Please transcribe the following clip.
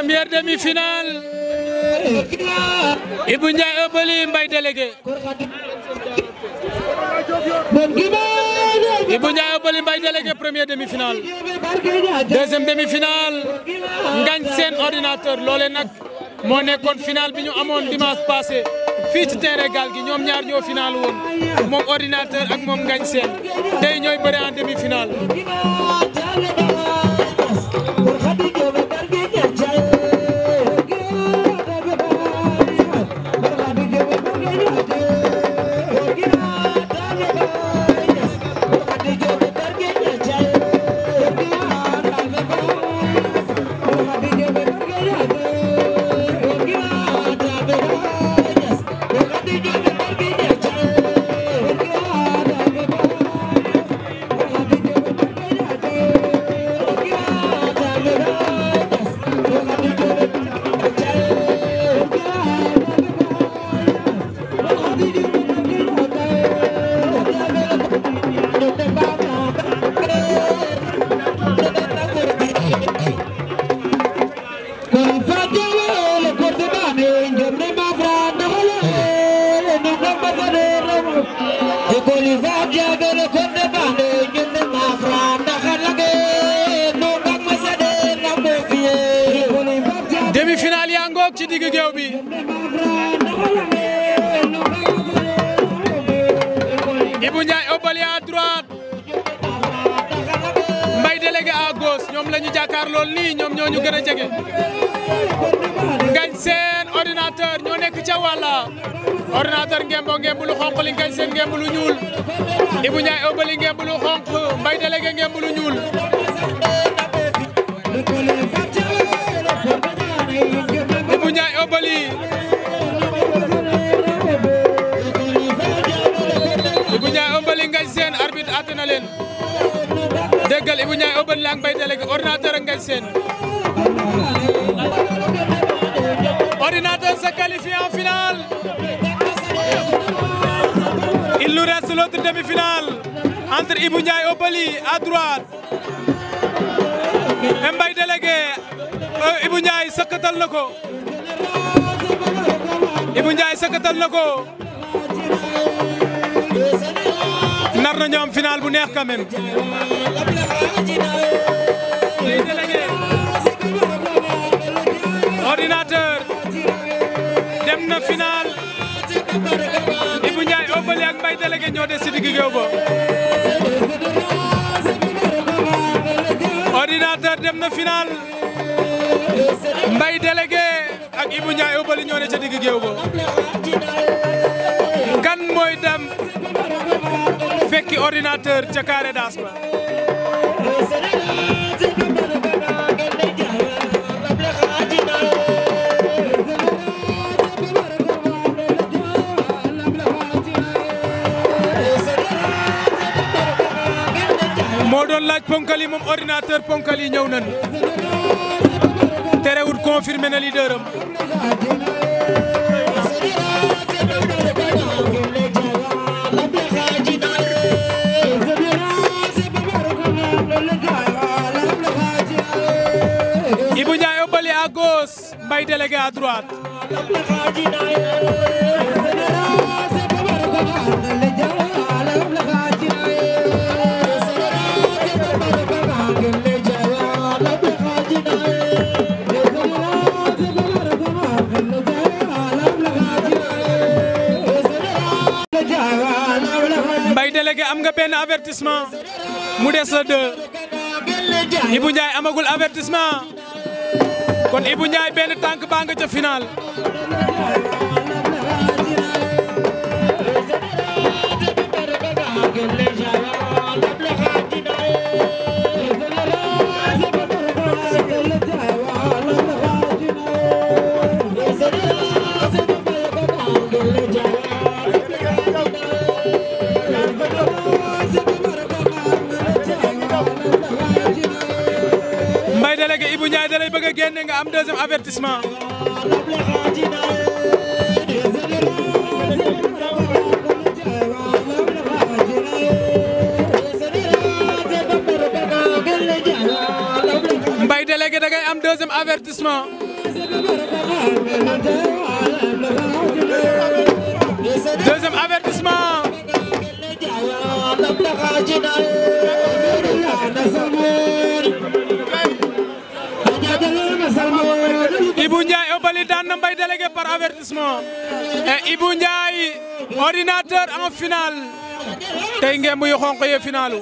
première demi-finale Ibou Ndiaye Obali Mbaye délégué Ibou Ndiaye Obali Mbaye délégué première demi-finale deuxième demi-finale Ngagne Sène ordinateur loole nag moo nekkoon finale bi ñu amoon dimanche passé fii ci terrain Gaal gi ñoom ñaar ñoo finale woon moom ordinateur ak moom Ngagne Sène tey ñooy bëre en demi-finale demi-finale yaa ngoog ci digg géew bi Ibou Ndiaye Obali à droite Mbaye délégué à gauche ñoom la ñu jàkkaar lool nii ñoom ñoo ñu jege seen ordinateur ñoo nekk ca wàlla ordinateur ngembo ngemb lu xonq li ngañ seen ngemb lu ñuul Ibou Ndiaye Obali ngemb lu xonq Mbaye délégué ngemb lu ñuul Ibou Ndiaye Obali Ibou Ndiaye Obali ngañ seen arbitre àtte na leen déggal Ibou Ndiaye Obali la ak Mbaye délégué ordinateur ak ngañ seen l'autre demi-finale entre Ibou Ndiaye Obali à droite Mbaye délégué euh, Ibou Ndiaye sëkkatal na ko Ibou Ndiaye na ko nar ñoom final bu neex quand ñaari ñoo ci digg dem na final Mbaye délégué ak Ibou Ndiaye Obali ñoo ne ca digg géew ba kan mooy dem fekki ordinateur ca carré d'as ba moo doon laaj ponkali moom ordinateur ponkali ñëw nañ terewul confirmé na leader am Ibou Ndiaye Obali à gauche Mbaye délégué à délégué am nga benn avertissement mu des la deux Ibou Ndiaye amagul avertissement kon Ibou Ndiaye benn tànk baa nga ca lay bëgg a génne nga am deuxième avertissement. Mbaye délégué da ngay am deuxième avertissement. deuxième par avertissement et Ibou Ndiaye ordinateur en finaal tey ngeen muy xonq ye finalu